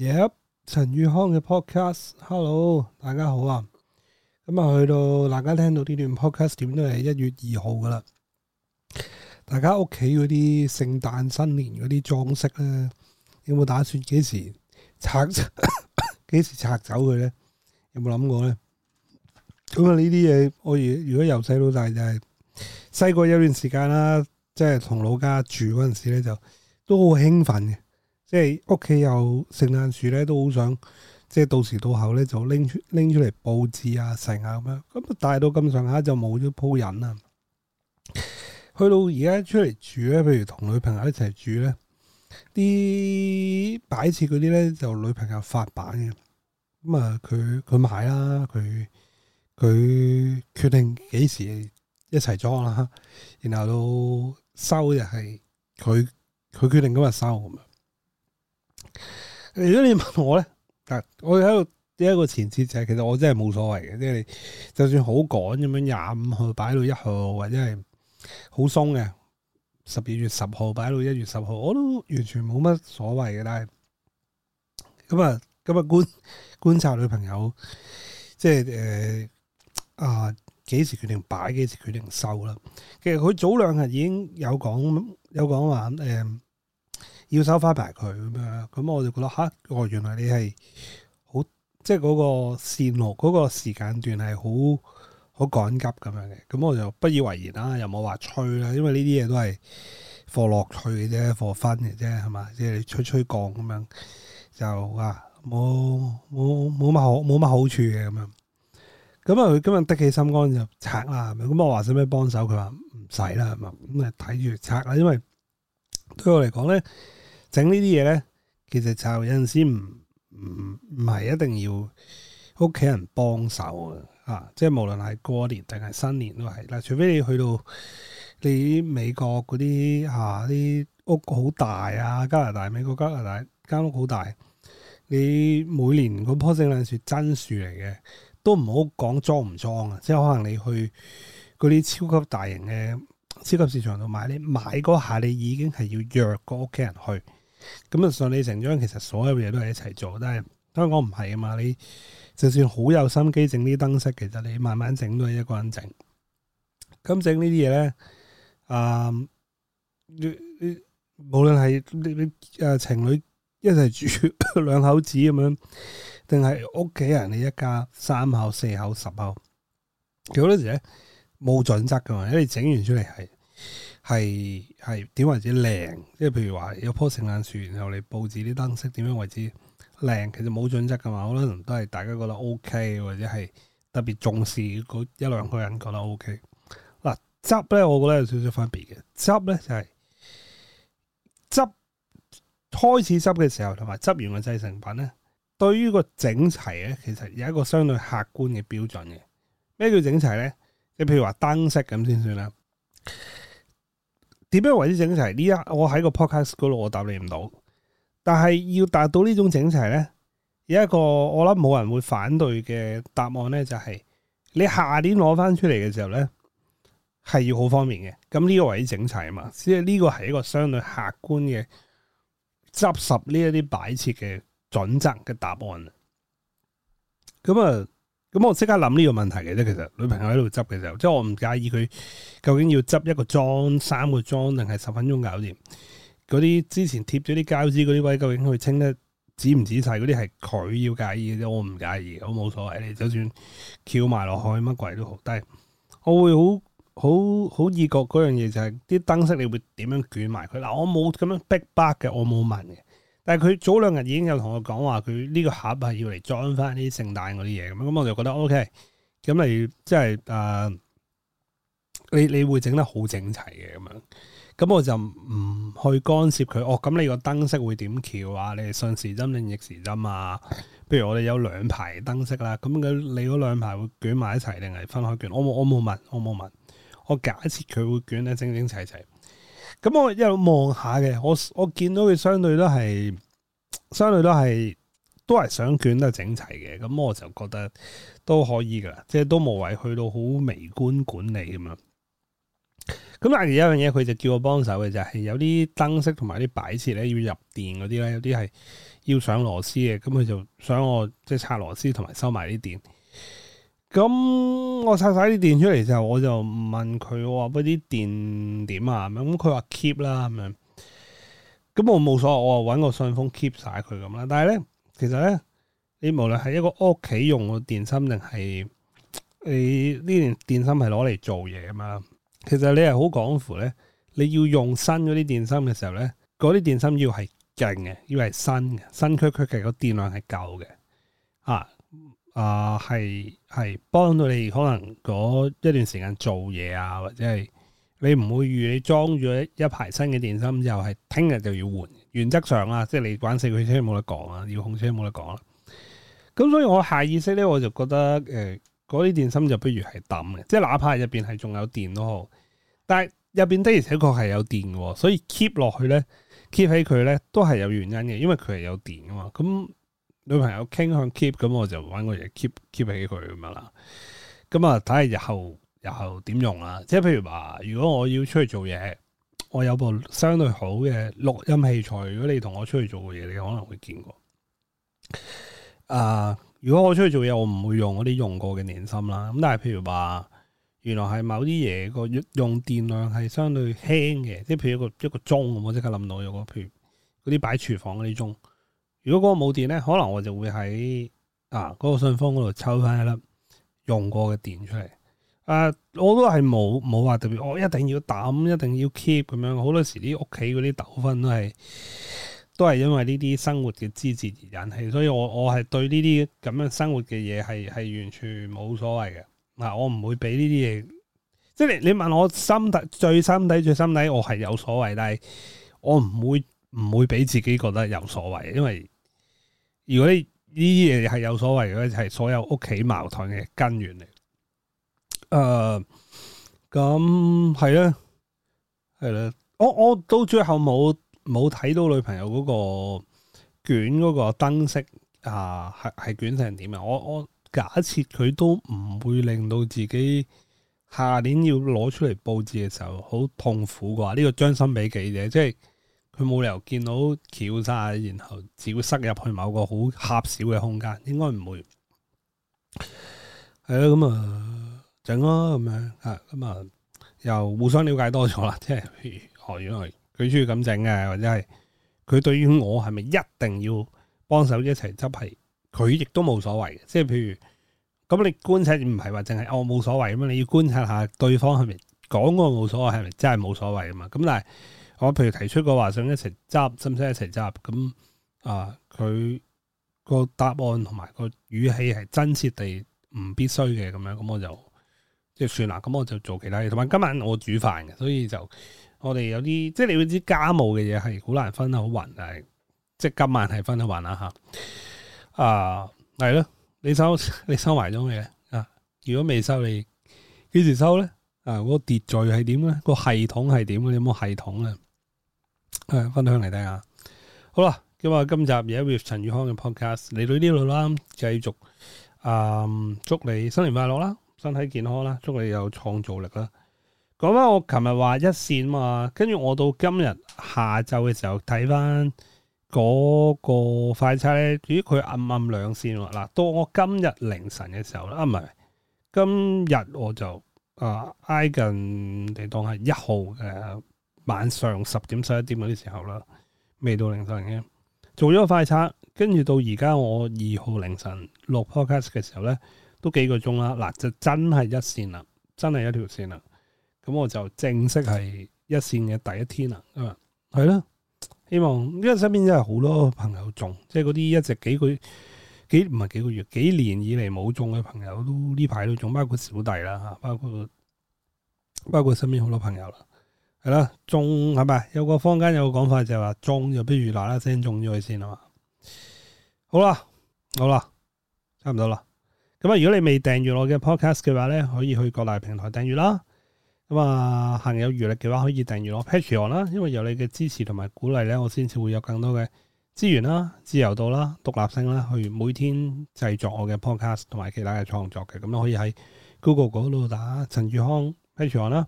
耶！陳宇康嘅 podcast，hello，大家好啊！咁啊，去到大家聽到呢段 podcast，點都係一月二號噶啦。大家屋企嗰啲聖誕新年嗰啲裝飾咧，有冇打算幾時拆？幾時拆走佢咧？有冇諗過咧？咁啊，呢啲嘢，我如如果由細到大就係細個一段時間啦，即係同老家住嗰陣時咧，就都好興奮嘅。即係屋企有聖誕樹咧，都好想即係到時到後咧，就拎出拎出嚟佈置啊、成啊咁樣。咁大到咁上下就冇咗鋪癮啦。去到而家出嚟住咧，譬如同女朋友一齊住咧，啲擺設嗰啲咧就女朋友發版嘅。咁、嗯、啊，佢佢買啦，佢佢決定幾時一齊裝啦，然後到收就係佢佢決定今日收咁樣。如果你問我咧，但我喺度一個前設就係，其實我真係冇所謂嘅，即係你就算好趕咁樣廿五號擺到一號，或者係好鬆嘅十二月十號擺到一月十號，我都完全冇乜所謂嘅啦。咁啊，咁啊，觀觀察女朋友，即係誒啊幾時決定擺，幾時決定收啦。其實佢早兩日已經有講有講話誒。呃要收翻埋佢咁樣，咁我就覺得嚇，我、啊、原來你係好即係嗰個線路嗰、嗰個時間段係好好趕急咁樣嘅，咁我就不以為然啦，又冇話吹啦，因為呢啲嘢都係貨落去嘅啫，貨分嘅啫係嘛，即係、你、吹吹降咁樣就啊冇冇冇乜好冇乜好處嘅咁樣。咁啊佢今日得起心肝就拆啦，咁我話使咩使幫手？佢話唔使啦，咁啊睇住拆啦，因為對我嚟講咧。整呢啲嘢咧，其實就有陣時唔唔唔係一定要屋企人幫手啊，嚇！即係無論係過年定係新年都係嗱、啊，除非你去到你美國嗰啲嚇，啲屋好大啊，加拿大、美國、加拿大間屋好大，你每年嗰棵聖誕樹真樹嚟嘅，都唔好講裝唔裝啊！即係可能你去嗰啲超級大型嘅超級市場度買，你買嗰下你已經係要約個屋企人去。咁啊，順、嗯、理成章，其實所有嘢都係一齊做，但係，香港唔係啊嘛。你就算好有心機整啲燈飾，其實你慢慢整都係一個人整。咁整呢啲嘢咧，嗯、啊，你你無論係情侶一齊住，兩 口子咁樣，定係屋企人你一,一家三口、四口、十口，其實好多時咧冇準則噶嘛，因為整完出嚟係。係係點為之靚？即係譬如話有棵聖誕樹，然後你佈置啲燈飾，點樣為之靚？其實冇準則噶嘛，可能都係大家覺得 OK，或者係特別重視嗰一兩個人覺得 OK。嗱，執咧，我覺得有少少分別嘅。執咧就係執開始執嘅時候，同埋執完嘅製成品咧，對於個整齊咧，其實有一個相對客觀嘅標準嘅。咩叫整齊咧？即譬如話燈飾咁先算啦。點樣為之整齊？呢一我喺個 podcast 嗰度我答你唔到，但係要達到呢種整齊咧，有一個我諗冇人會反對嘅答案咧，就係、是、你下年攞翻出嚟嘅時候咧，係要好方便嘅。咁呢個為之整齊啊嘛，即係呢個係一個相對客觀嘅執拾呢一啲擺設嘅準則嘅答案。咁、嗯、啊。咁我即刻諗呢個問題嘅啫，其實女朋友喺度執嘅時候，即係我唔介意佢究竟要執一個裝三個裝，定係十分鐘搞掂。嗰啲之前貼咗啲膠紙嗰啲位，究竟佢清得仔唔仔細，嗰啲係佢要介意嘅啫，我唔介意，我冇所謂。你就算翹埋落去，乜鬼都好。但係我會好好好意覺嗰樣嘢就係啲燈飾你會點樣捲埋佢？嗱，我冇咁樣逼迫嘅，我冇問嘅。但係佢早兩日已經有同我講話，佢呢個盒係要嚟裝翻啲聖誕嗰啲嘢咁，咁我就覺得 OK，咁你即係誒、呃，你你會整得好整齊嘅咁樣，咁我就唔去干涉佢。哦，咁你個燈飾會點翹啊？你係順時針定逆時針啊？譬如我哋有兩排燈飾啦，咁你嗰兩排會捲埋一齊定係分開捲？我冇我冇問，我冇問，我假設佢會捲得整整齊齊。咁、嗯、我一路望下嘅，我我見到佢相對都係，相對都係都係想捲得整齊嘅，咁、嗯、我就覺得都可以噶喇，即係都無謂去到好微觀管理咁樣。咁、嗯、但係有一樣嘢佢就叫我幫手嘅就係、是、有啲燈飾同埋啲擺設咧要入電嗰啲咧，有啲係要上螺絲嘅，咁、嗯、佢就想我即係拆螺絲同埋收埋啲電。咁、嗯、我拆晒啲電出嚟，之後，我就問佢話：啲電點啊？咁佢話 keep 啦咁樣。咁、嗯嗯嗯、我冇所謂，我就搵個信封 keep 晒佢咁啦。但係咧，其實咧，你無論係一個屋企用個電芯，定係你呢件電芯係攞嚟做嘢啊嘛。其實你係好講乎咧，你要用新嗰啲電芯嘅時候咧，嗰啲電芯要係勁嘅，要係新嘅，新區區其實個電量係夠嘅啊。啊，係係幫到你，可能嗰一段時間做嘢啊，或者係你唔會預你裝咗一排新嘅電芯，又係聽日就要換。原則上啊，即係你玩四驅車冇得講啊，要控車冇得講啦、啊。咁所以我下意識咧，我就覺得誒，嗰、呃、啲電芯就不如係抌嘅，即係哪怕入邊係仲有電都好，但係入邊的而且確係有電嘅，所以 keep 落去咧，keep 起佢咧都係有原因嘅，因為佢係有電啊嘛，咁。女朋友傾向 keep，咁我就揾個嘢 keep keep 起佢咁樣啦。咁啊，睇下日後日後點用啦。即係譬如話，如果我要出去做嘢，我有部相對好嘅錄音器材。如果你同我出去做嘅嘢，你可能會見過。啊、呃，如果我出去做嘢，我唔會用嗰啲用過嘅電芯啦。咁但係譬如話，原來係某啲嘢個用電量係相對輕嘅，即係譬如一個一個鐘咁啊，我即刻諗到有個譬如嗰啲擺廚房嗰啲鐘。如果嗰個冇電咧，可能我就會喺啊嗰個信封嗰度抽翻一粒用過嘅電出嚟。誒、啊，我都係冇冇話特別，我一定要抌，一定要 keep 咁樣。好多時啲屋企嗰啲糾紛都係都係因為呢啲生活嘅枝節而引起，所以我我係對呢啲咁樣生活嘅嘢係係完全冇所謂嘅。嗱、啊，我唔會俾呢啲嘢。即係你，你問我心底最心底最心底，我係有所謂，但係我唔會。唔會俾自己覺得有所謂，因為如果呢啲嘢係有所謂嘅，係、就係、所有屋企矛盾嘅根源嚟。誒、呃，咁係咧，係咧。我我到最後冇冇睇到女朋友嗰個捲嗰個燈飾啊，係係捲成點啊？我我假設佢都唔會令到自己下年要攞出嚟布置嘅時候好痛苦啩？呢、呢個將心比己嘅，即係。佢冇理由見到橋晒，然後只會塞入去某個好狹小嘅空間，應該唔會。係咯，咁啊整咯咁樣啊，咁啊、嗯嗯嗯嗯、又互相了解多咗啦。即係譬如學員佢佢中意咁整嘅，或者係佢對於我係咪一定要幫手一齊執係？佢亦都冇所謂。即係譬如咁，你觀察唔係話淨係我冇所謂啊嘛？你要觀察下對方係咪講嗰個冇所謂係咪真係冇所謂啊嘛？咁但係。我譬如提出個話想一齊執，使唔使一齊執？咁啊，佢、呃、個答案同埋個語氣係真切地唔必須嘅咁樣，咁我就即係算啦。咁我就做其他嘢。同埋今晚我煮飯嘅，所以就我哋有啲即係你會知家務嘅嘢係好難分得好勻，但係即係今晚係分得好勻啦吓。啊，係、呃、咯，你收你收埋咗未咧？啊，如果未收，你幾時收咧？啊、呃，嗰個秩序係點咧？個系統係點？你有冇系統啊？係，分享嚟睇下。好啦，咁啊，今集而家 with 陳宇康嘅 podcast 嚟到呢度啦。繼續，嗯，祝你新年快樂啦，身體健康啦，祝你有創造力啦。講翻我琴日話一綫嘛，跟住我到今日下晝嘅時候睇翻嗰個快車咧，如果佢暗暗兩綫，嗱，到我今日凌晨嘅時候，啊，唔係，今日我就啊挨近地當係一號嘅。晚上十點十一點嗰啲時候啦，未到凌晨嘅，做咗個快測，跟住到而家我二號凌晨落 podcast 嘅時候咧，都幾個鐘啦，嗱就真係一線啦，真係一條線啦，咁我就正式係一線嘅第一天啦，咁啊係啦，希望因為身邊真係好多朋友中，即係嗰啲一直幾個幾唔係幾個月幾年以嚟冇中嘅朋友都呢排都中，包括小弟啦吓，包括包括身邊好多朋友啦。係啦，種，係咪？有個坊間有個講法就係話，種，就不如嗱嗱聲種咗佢先啊嘛。好啦，好啦，差唔多啦。咁啊，如果你未訂閱我嘅 podcast 嘅話咧，可以去各大平台訂閱啦。咁啊，行有餘力嘅話，可以訂閱我 Patreon 啦。因為有你嘅支持同埋鼓勵咧，我先至會有更多嘅資源啦、自由度啦、獨立性啦，去每天製作我嘅 podcast 同埋其他嘅創作嘅。咁啊，可以喺 Google 嗰度打陳宇康 Patreon 啦。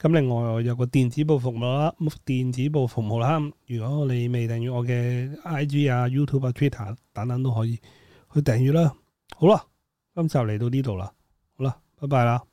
咁另外我有個電子報服務啦，咁電子報服務啦，如果你未訂閱我嘅 IG 啊、YouTube 啊、Twitter 等等都可以去訂閱啦。好啦，今集嚟到呢度啦，好啦，拜拜啦。